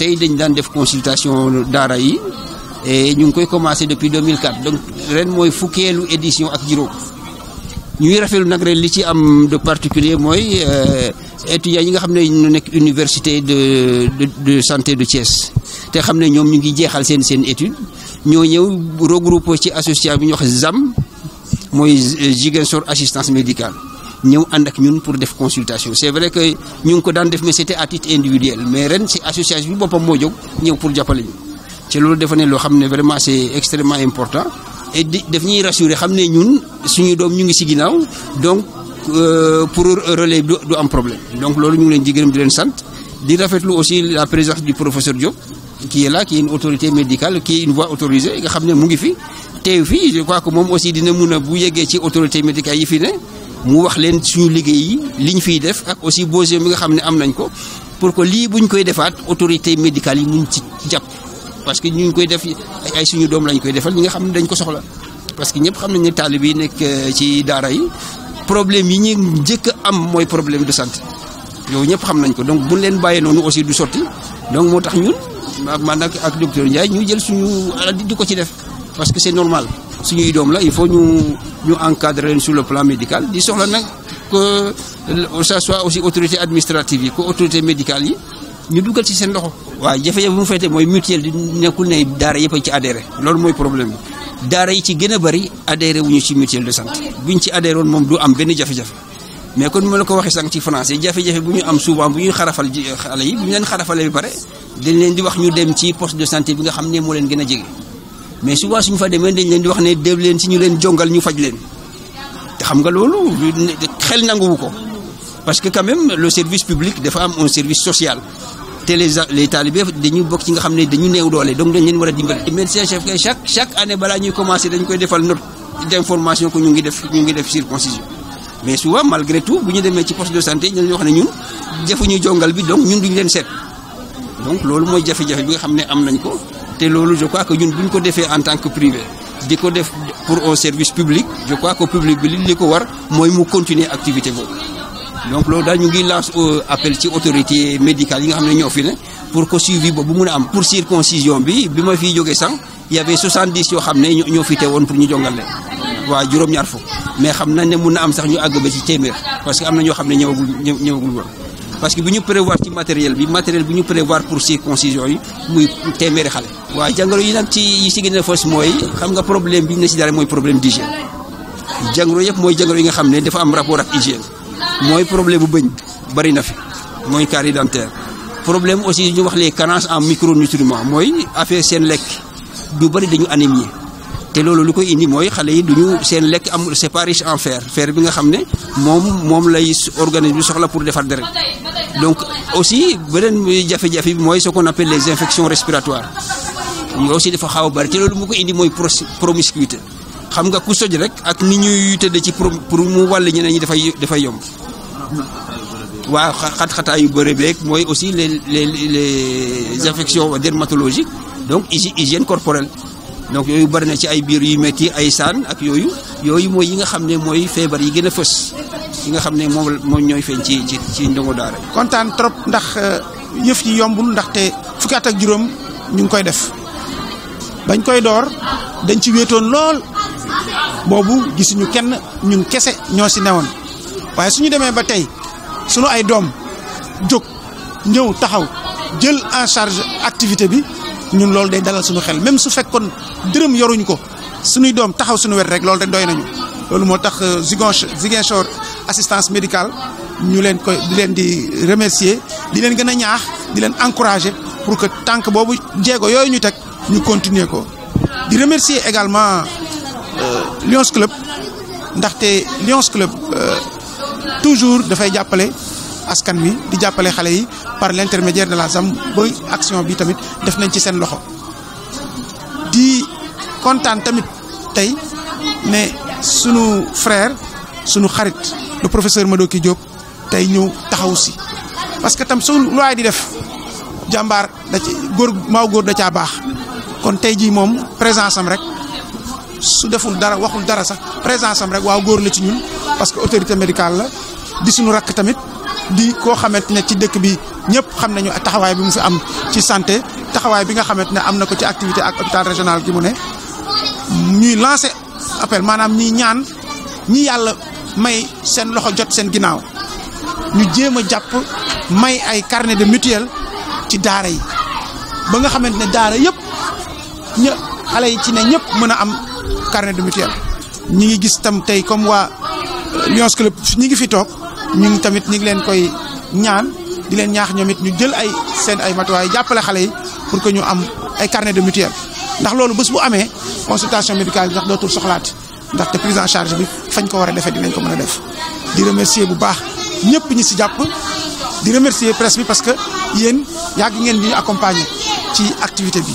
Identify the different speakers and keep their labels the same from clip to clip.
Speaker 1: Nous avons dañ daan def consultation daara yi et ñu avons commencé depuis 2004 donc avons fait fukkeelu édition ak juróom ñuy rafetlu nag ren li ci am de particulier mooy euh, étudiants yi nga ñu université de de santé de Thiès Nous avons fait ñoom ñu ngi jeexal seen seen étude ñoo ñëw regroupé ci association bi ñu wax ZAM mooy Jigensor assistance médicale ñeu ànd ak ñun pour def consultation c'est vrai que ñu ko daan def mais c'était à titre individuel mais ren c'est association bi bopam mo jog ñeu pour jàppale ñu ci lolu dafa lo xamné vraiment c'est extrêmement important et def ñi ñuy rassurer xam ñun suñu doom ñu ngi ci ginaaw donc euh, pour relais du am problème donc lolu ñu ngi leen di gërëm di leen sante di rafetlu aussi la présence du professeur Diop qui est là qui est une autorité médicale qui est une voix autorisée nga xamné mu ngi fi teew fi je crois que mom aussi dina mëna bu yeggee ci autorité médicale yi fi né mu wax len suñu liggéey yi liñ fi def ak aussi bosé mi nga xamné am nañ ko pour que li buñ koy defat autorité médicale yi muñ ci japp parce que ñuñ koy def ay suñu dom lañ koy defal nga xamné dañ ko soxla parce que ñepp xamné ni talib yi nek euh, ci daara yi problème yi ñi jëk am moy problème de santé yow ñepp xam nañ ko donc buñ len bayé nonu aussi du sorti donc motax tax ñun man ak ak docteur ñay ñu jël suñu ala di ko ci def parce que c'est normal suñuy doom la il faut ñu ñu encadrer leen sur le plan médical di soxla nag que ça soit aussi autorité administrative yi ko autorité médicale yi ñu dugal ci seen loxo. waaw jafe-jafe bu mu fekkee mooy mutuelle di nekkul ne daara yëpp ci adhéré loolu mooy problème bi daara yi ci gën a bëri adhéré wuñu ci mutuel de santé ñu ci adhéré woon moom du am benn jafe-jafe. mais kon ma la ko waxee sànq ci français jafe-jafe bu ñu am souvent bu ñuy xarafal xale yi bu ñu leen xarafalee ba pare dañ leen di wax ñu dem ci poste de santé bi nga xam ne moo leen gën a jege. mais su souvent suñu fa demee dañ leen di wax ne déw leen si ñu leen jongal ñu faj leen te xam nga loolu xel nanguwu ko parce que quand même le service public dafa am un service social te les les talibés dañu bokk ci nga xam ne dañu new doole donc dañ leen war a dimbali. médecin chef kay chaque chaque année balaa ñuy commencé dañ koy defal note d'information que ñu ngi def ñu ngi def circoncision mais souvent malgré tout bu ñu demee ci poste de santé ñu wax ne ñun defuñu jongal bi donc ñun duñu leen seet donc loolu mooy jafe-jafe bi nga xam ne am nañ ko. te loolu je crois que ñun bu ñu ko defee en tant que privé di ko def pour un service public je crois que public bi li li ko war mooy mu continuer activité boobu donc loolu daal ñu ngi lance euh, appel ci autorité médicale yi nga xam ne ñoo fi pour que suivi boobu mun a am pour circoncision bi bi ma fiy jógee sànq y avait 70 yoo xam ne ñoo fi woon pour ñu jongal
Speaker 2: leen waa
Speaker 1: juróom-ñaar fukk mais xam nañ ne mun na am sax ñu àgg ba ci téeméer parce que am na ñoo xam ne ñëwagul ñëwagul woon parce que bu ñu prévoir ci matériel bi matériel bu ñu prévoir pour circoncision yi muy téeméeri xale waaw jangoro yi nag ci yi si gën a fës mooy xam nga problème bi ñu ne si dara mooy problème d'hygiène jangoro yëpp mooy jangoro yi nga xam ne dafa am rapport ak hygiène mooy problème bu bëñ bari na fi mooy carie dentaire problème aussi ñu wax les carences en micronutriments mooy affaire seen lekk du bari dañu anémie te loolu lu koy indi mooy xale yi duñu seen lekk am c'est pas riche en fer fer bi nga xam ne moom moom lay organisme bi soxla pour defar deret donc aussi beneen jafe-jafe bi mooy ce qu'on appelle les infections respiratoires aussi dafa xaw bari té loolu mu ko indi moy promiscuité xam nga ku soj rek ak ni ñuy tëdd ci pour mu wàll ñene ñi dafa dafay yomb waaw xat yu bëre bek moy aussi les les les infections dermatologiques donc hygiène corporelle donc yoyu bari na ci ay biir yu metti ay saan ak yoyu yoyu moy yi nga xamné moy fever yi gëna a yi nga xamné mo mo ñoy feñ ci ci ndongo daara
Speaker 3: contane trop ndax euh, yëf ci yombul ndax té fukat ak juroom ñu ngi koy def bañ koy door dañ ci wéetoon lool boobu gisuñu kenn ñun kese ñoo si newoon waaye suñu demee ba tey suñu ay doom jóg ñëw taxaw jël en charge activité bi ñun loolu day dalal suñu xel même su fekkoon dërëm yoruñ ko suñuy doom taxaw suñu wet rek loolu rek doy nañu loolu moo tax euh, Ziguinchor assistance médicale ñu leen koy di leen di remercier di leen gën a ñaax di leen encourager pour que tànk boobu jéego yooyu ñu teg ñu continuer ko di remercier également euh, Lions Club ndaxte Lions Club euh, toujours dafay jàppale askan mi di jàppale xale yi par l'intermédiaire de la ZAM ba action bi tamit def nañ ci seen loxo di kontaan tamit tey ne sunu frère sunu xarit le professeur Madoki Diop tey ñëw taxaw si parce que tam su loi di def jàmbaar da ci góor maaw góor da caa baax. kon tay ji mom présence am rek su deful dara waxul dara sax présence am rek waaw góor la ci ñun parce que autorité médicale la di suñu rak tamit di ko xamantene ci dëkk bi ñëpp xam nañu taxaway bi mu fi am ci santé taxaway bi nga xamantene am na ko ci activité ak hôpital régional gi mu ne ñuy lancer appel manam ñi ñaan ñi yalla may sen loxo jot sen ginaaw ñu jema japp may ay carnet de mutuel ci daara yi ba nga xamantene daara yépp ñe xalé yi ci ne ñep mëna am carnet de mutuel ñi ngi gis tam tay comme wa Lions Club ñi ngi fi tok ñu ngi tamit ñi ngi leen koy ñaan di leen ñaax ñomit ñu jël ay seen ay matuwaay jàppale xalé yi pour que ñu am ay carnet de mutuel ndax loolu bés bu amee consultation médicale ndax dootul soxlaati ndax te prise en charge bi fañ ko war a defee dinañ ko mën a def di remercier bu baax ñëpp ñi si jàpp di remercier presse bi parce que yéen yàgg
Speaker 4: ngeen ñu accompagner ci activité bi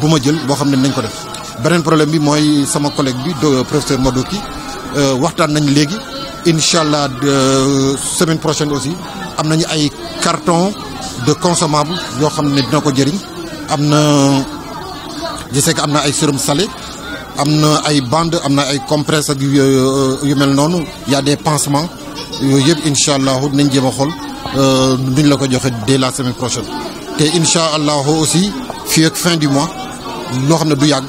Speaker 4: bu ma jël boo xam ne nañ ko def beneen problème bi mooy sama collègue bi professeur Madoki euh, waxtaan nañ léegi incha allah semaine prochaine aussi am nañu ay carton de consommable yoo xam ne dina ko jëriñ am na je sais am na ay sérum salé am na ay bande am na ay compresse ak euh, euh, yu mel noonu y a des pansements yooyu yëpp incha allahu nañ jéem a xool nuñ la ko joxe dès la semaine prochaine te incha aussi fii fin du mois loo du yag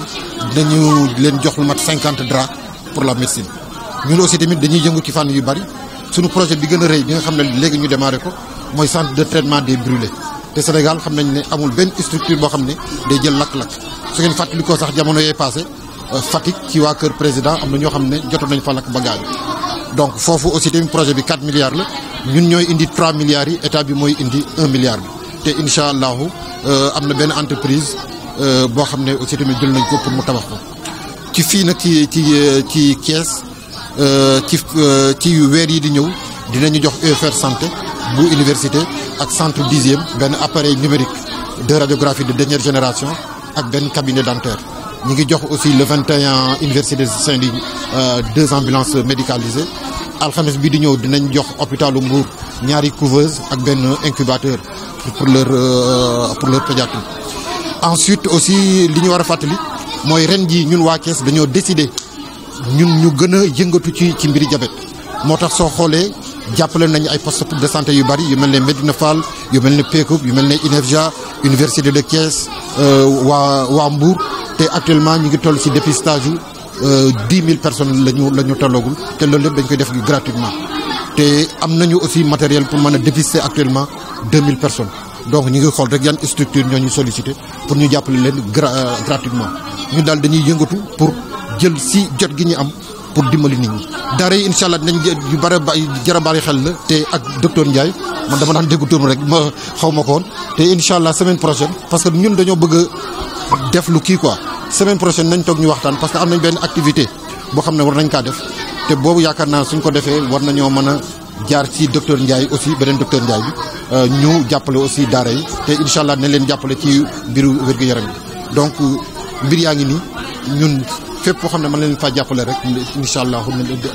Speaker 4: dañu leen jox mat 50 draps pour la médecine Nous aussi tamit dañuy yëngu ci fan yu bari suñu projet bi gëna a bi nga xamné légui ñu démarré ko moy centre de traitement des brûlés té Sénégal xam nañ ne amul ben structure bo xamné day jël Ce lakk su ngeen fàttali ko sax jamono yé passé qui euh, ci waa kër président amna ñoo xamné jottu jotoon nañ fa donc fofu aussi tamit projet bi 4 milliards la ñun ñoy indi 3 milliards yi état bi moy indi 1 milliard te incha allahu euh, am na benn entreprise euh bo xamné aussi tamit jël nañ ko pour mu tabax ko ci fi nak ci ci ci euh ci euh, ci weer yi di ñëw dinañu jox efr santé bu université ak centre dixième ben appareil numérique de radiographie de dernière génération ak ben cabinet dentaire. ñi ngi jox aussi le 21 université de saint euh, deux ambulances médicalisées alxames bi di ñëw dinañ jox hôpitalu Mbour ñaari couveuse ak ben incubateur pédiatre pour leur euh, pour leur pédiatrie ensuite aussi li ñu war a fàttali mooy ren jii ñun waa Thiès dañoo décider ñun ñu gën a yëngatu ci ci mbiri jabet moo tax soo xoolee jàppale nañu ay poste de santé yu bari yu mel ne Medina Fall yu mel ne Peekup yu mel ne INEFJA université de Thiès euh, waa waa Mbour te actuellement ñu ngi toll ci dépistage yu euh, dix mille personnes la ñu la ñu tolloogul te loolu lépp dañ koy def gratuitement Et nous avons aussi matériel pour actuellement 2000 personnes donc nous ngi une structure pour nous appeler euh, gratuitement nous avons dañuy yëngatu pour jël si jot gi pour dimbali nit ñi. dara yi dinañ yu la docteur man semaine prochaine parce que nous, avons bëgg def lu quoi semaine prochaine nous toog parce que am nañ activité war te boobu yaakaar naa suñ ko defee war nañoo mën a jaar ci docteur Ndiaye aussi beneen docteur Ndiaye bi euh, ñu jàppale aussi daara yi te incha allah ne leen jàppale ci mbiru wér-gu-yaram yi donc euh, mbir yaa ngi nii ñun fépp foo xam ne mën leen faa jàppale rek incha allah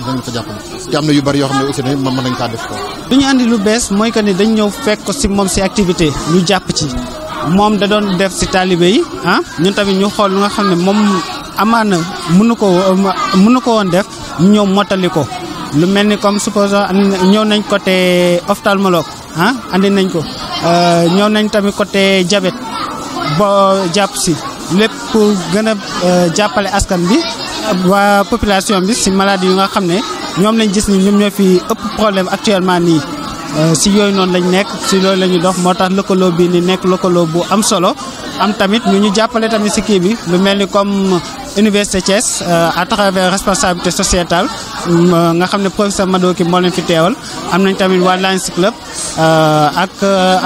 Speaker 4: dinañ fa jàppale te am na yu bari yoo xam ne aussi ne mën nañ kaa def ko lu
Speaker 2: ñu andi lu bees mooy que ni dañ ñëw fekk ko si moom si activité ñu jàpp ci moom da doon def si taalibe yi ah ñun tamit ñu xool lu nga xam ne moom amaana mënu ko mënu ko woon def ñu ñëw mottali ko lu mel ni comme supposons ñëw nañ côté ophtalmologue ah andi nañ ko euh, ñëw nañ tamit côté jabet boo jàpp si lépp pour gën a euh, jàppale askan bi waa population bi si maladie yu nga xam ne ñoom lañ gis ni ñoom ñoo fi ëpp problème actuellement nii euh, si yooyu noonu lañ nekk si loolu la ñu dox moo tax lëkkaloo bii ni nekk lëkkaloo bu am solo am tamit ñu ñu jàppale tamit si kii bi lu mel ni comme université Thiès euh, à travers responsabilité sociétale euh, nga xam ne professeur Madoki moo leen fi teewal am nañ tamit waa Lions Club euh, ak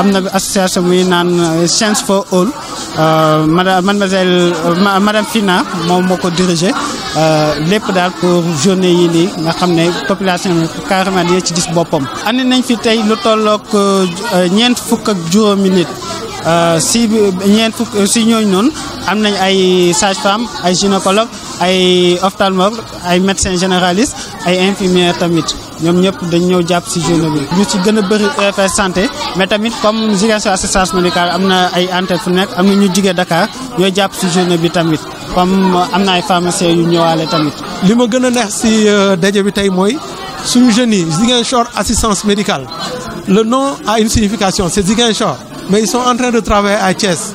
Speaker 2: am na association muy naan Chance for All madame mademoiselle madame Fina moom moo ko dirigé lépp daal pour journée yi nii nga xam ne population carrément dina ci gis boppam. andi nañ fi tey lu tollook ñeent fukk ak juróomi nit si ñeent fukk si ñooñu noonu. am nañ ay sage-femme ay gynécologue ay ophtalmologue ay médecin généraliste ay infirmière tamit ñoom ñëpp dañ ñëw jàpp si journée bi ñu ci gën a bëri UFS santé mais tamit comme Ziguinchor assistance médicale am na ay antenne fu nekk am na ñu jigee Dakar ñoo jàpp si journée bi tamit comme am na ay pharmacien yu ñëwaale tamit
Speaker 5: li ma gën a neex si euh, daje bi tey mooy suñu jeunes yi Ziguinchor assistance médicale le nom a une signification c'est Ziguinchor mais ils sont en train de travailler à Thiès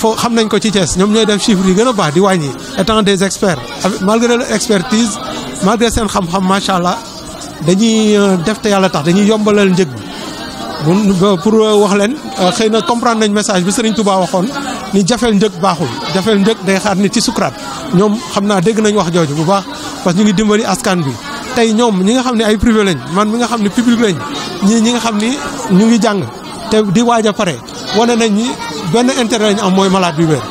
Speaker 5: fo xam nañ ko ci Thiès ñom ñoy def chiffre yi gëna baax di wañi étant des experts malgré leur expertise malgré sen xam-xam machallah dañuy euh, def ta yalla tax dañuy yombalal ndëg bi pour euh, wax leen euh, xeyna comprendre nañ message bi Serigne Touba waxon ni jafel ndëg baaxul jafel ndëg day xaar ni ci sukuraat ñom xamna dégg nañ wax jojju bu baax parce que ñu ngi dimbali askan bi tay ñom ñi nga xamni ay privé lañ man mi nga xamni public lañ ñi ñi nga xamni ñu ngi jàng te di waja a woné nañ ni benn intérêt lañu am mooy malade bi wér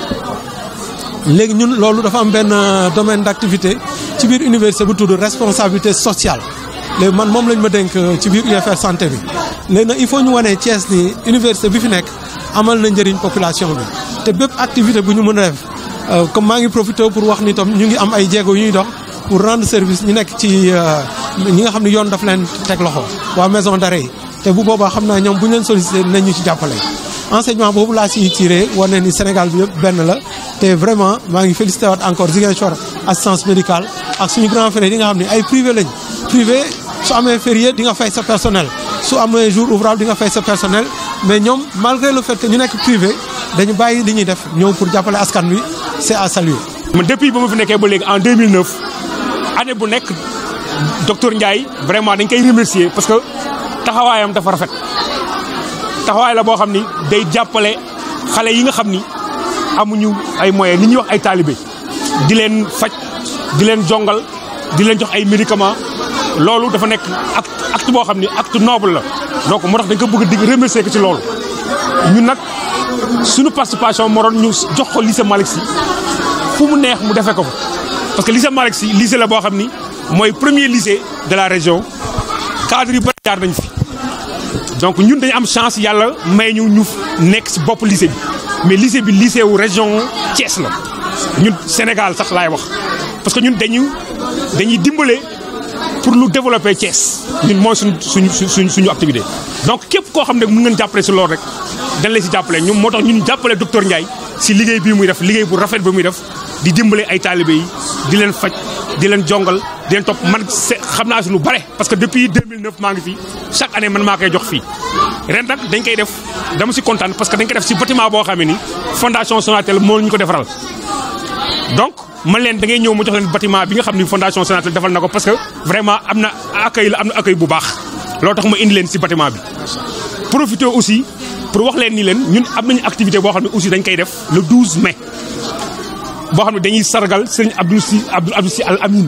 Speaker 5: léegi ñun loolu dafa am benn euh, domaine d'activité ci biir université bu tudd responsabilité sociale léegi man moom lañ ma dénk euh, ci biir UFR santé bi léegi nag il faut ñu wane Thiès ni université bi fi nekk amal na njëriñ population bi te bépp activité bu ñu mën a def euh, comme maa ngi profité pour wax ni tam ñu ngi am ay jéego yu ñuy dox pour rendre service ñu nekk ci ñi nga xam ne yoon daf leen teg loxo waa maison d'arrêt yi te bu boobaa xam naa ñoom bu ñu leen sollicité ñu ci jàppale. enseignement boobu la ci tiré wane ni Sénégal bi yëpp benn la te vraiment ma ngi félicité waat encore Chor assistance médicale ak suñu grand frère yi nga xamni ay privé lañ privé su amé férié di nga fay sa personnel su amee jour ouvrable di nga fay sa personnel mais ñom malgré le fait que ñu nek privé dañu bayyi li ñuy def ñëw pour jappalé askan wi c'est
Speaker 6: à saluer. depuis ba ma fi nekkee ba léegi en 2009 année bu nekk docteur Ndiaye vraiment dañ koy remercier parce que taxawaayam dafa rafet taxawaay la boo xam ni day jàppale xale yi nga xam ni amuñu ay moyens li ñuy wax ay talibé di leen faj di leen jongal di leen jox ay médicaments loolu dafa nekk acte acte boo xam ni acte noble la donc moo tax dañ ko bëgg a dig remercier ko ci loolu ñun nag suñu participation moo doon ñu jox ko lycée Malick Sy fu mu neex mu defee ko fa parce que lycée Malick Sy lycée la boo xam ni mooy premier lycée de la région cadre yu bëri jaar nañ fi donc ñun dañu am chance yàlla may ñu ñu nekk si bopp lycée bi mais lycée bi lycée wu région Thiès la ñun Sénégal sax laay wax parce que ñun dañu dañuy dimbale pour lu développer cees ñun mooy suñ suñ suñ suñu activité. donc képp koo xam ne mën ngeen jàppale si loolu rek dañ lay si jàppale ñun moo tax ñun jàppale docteur Ndiaye si liggéey bii muy def liggéey bu rafet bi muy def di dimbale ay taalibe yi di leen faj di leen jongal. di top man xamna naa lu bare parce que depuis 2009 maa ngi fi chaque année man maa koy jox fi ren nag dañ koy def dama ci contane parce que dañ koy def ci bâtiment bo xam fondation Sonatel mo ñu ko defaral donc man len da ngay ñew mu jox leen bâtiment bi nga xam fondation Sonatel défal nako parce que vraiment amna na accueil la am na accueil bu baax loolu tax ma indi len ci bâtiment bi. profité aussi pour wax len ni len ñun amna ñu activité bo xam aussi dañ koy def le 12 mai bo xam dañuy sargal serigne Abdou si Abdou Abdou si Al Amin.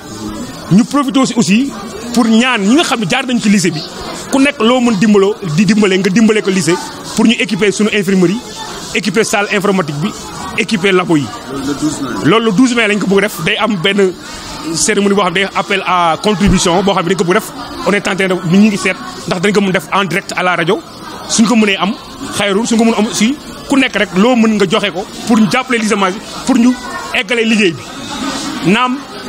Speaker 6: ñu profité aussi pour ñaan ñu nga xam ne jaar nañ ci lycée bi ku nekk loo mën dimbaloo di dimbale nga dimbale ko lycée pour ñu équiper suñu infirmerie équiper salle informatique bi équiper labo yi. loolu le 12 mai lañ ko bugg def day am benn cérémonie boo xam ne day appel à contribution boo xam ne dañ ko bëgg def on est tenté ñu ngi seet ndax dañ ko mën def en direct à la rajo suñu ko mënee am xayrul suñ ko mën am aussi ku nekk rek loo mën nga joxe ko pour ñu jàppale lycée pour ñu eggalee liggéey bi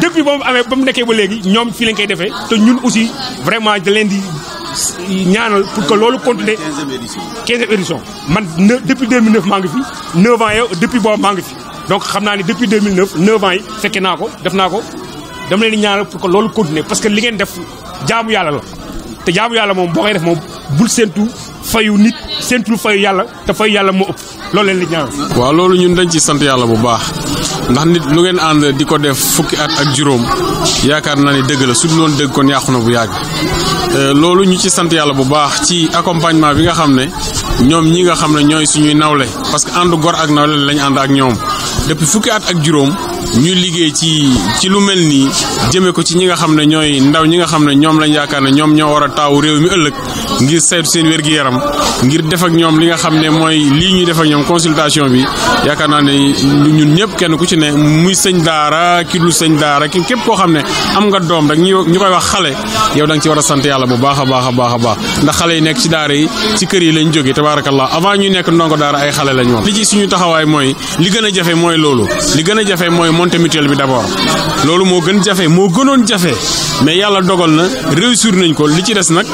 Speaker 6: depuis ba mu amee ba mu nekkee ba léegi ñoom fii lañ koy defee te ñun aussi vraiment da leen di ñaanal pour que loolu continuer. 15e édition 15e édition man ne depuis 2009 maa fi 9 ans yow depuis boobu maa ngi fi donc xam naa ne depuis 2009 9 ans yi fekkee naa ko def naa ko dama leen di ñaanal pour que loolu continuer parce que li ngeen def jaamu yàlla la. te jaamu yàlla moom boo koy def moom bul séentu fayu nit séentul fayu yàlla te fayu yàlla moo ëpp. loolu leen di
Speaker 7: waaw loolu ñun dañ ci sant yàlla bu baax ndax nit lu ngeen ànd di ko def fukki at ak juróom yaakaar na ni dëgg la su dul woon dëgg kon yàqu na bu yàgg euh, loolu ñu ci sant yàlla bu baax ci accompagnement bi nga xam ne ñoom ñi nga xam ne ñooy suñuy nawle parce que ànd gor ak nawle lañ ànd ak ñoom depuis fukki at ak juróom ñuy liggéey ci ci lu mel nii jëmee ko ci ñi nga xam ne ñooy ndaw ñi nga xam ne ñoom lañ yaakaar ne ñoom ñoo war a taawu réew mi ëllëg ngir saytu seen wér-gi-yaram ngir def ñoom li nga xam ne mooy lii ñuy def ak ñoom consultation bi yaakaar naa ne ñun ñëpp kenn ku ci ne muy sëñ daara ki dul sëñ daara ki képp koo xam ne am nga doom rek ñu koy wax xale yow da ci war a sant yàlla bu baax a baax a baax a baax ndax xale yi nekk ci daara yi ci kër yi lañ jógee tabaarakallah avant ñuy nekk ndongo daara ay xale lañ woon li ci suñu taxawaay mooy li gën a jafe mooy loolu li gën a jafe mooy monté mutuelle bi d'abord loolu moo gën jafe moo gënoon jafe mais nañ ko li ci des nag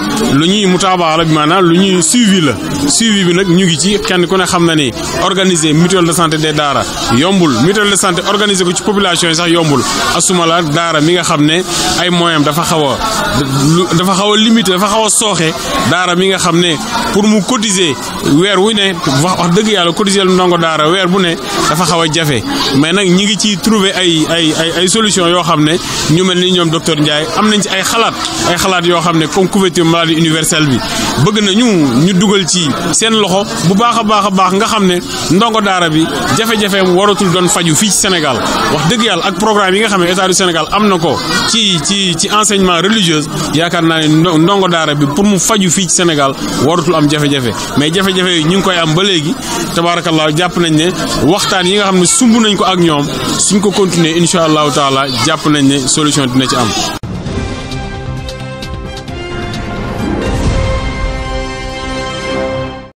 Speaker 7: mutaabaara lu suivi la suivi bi ñu ngi ci des daara yombul de organiser ko ci population sax yombul asuma la daara mi nga xam ay moyens dafa dafa limité dafa soxé daara mi nga pour mu cotiser weer wu ne wax wax dëgg yàlla cotiser ndongo daara a mais solution ñu nous Ndiaye am ci ay xalaat ay xalaat comme couverture maladie universelle bëgg na ñu ñu dugal ci seen loxo bu baax a baax a baax nga xam ne ndongo daara bi jafe-jafeem waratul doon faju fii ci Sénégal wax dëgg yàlla ak programme yi nga xam ne état du Sénégal am na ko ci ci ci enseignement religieuse yaakaar naa ne ndongo daara bi pour mu faju fii ci Sénégal waratul am jafe-jafe mais jafe-jafe yi ñu ngi koy am ba léegi tabaarakallaa jàpp nañ ne waxtaan yi nga xam ne sumb nañ ko ak ñoom suñ ko continuer incha allahu taala jàpp nañ ne solution dina ci am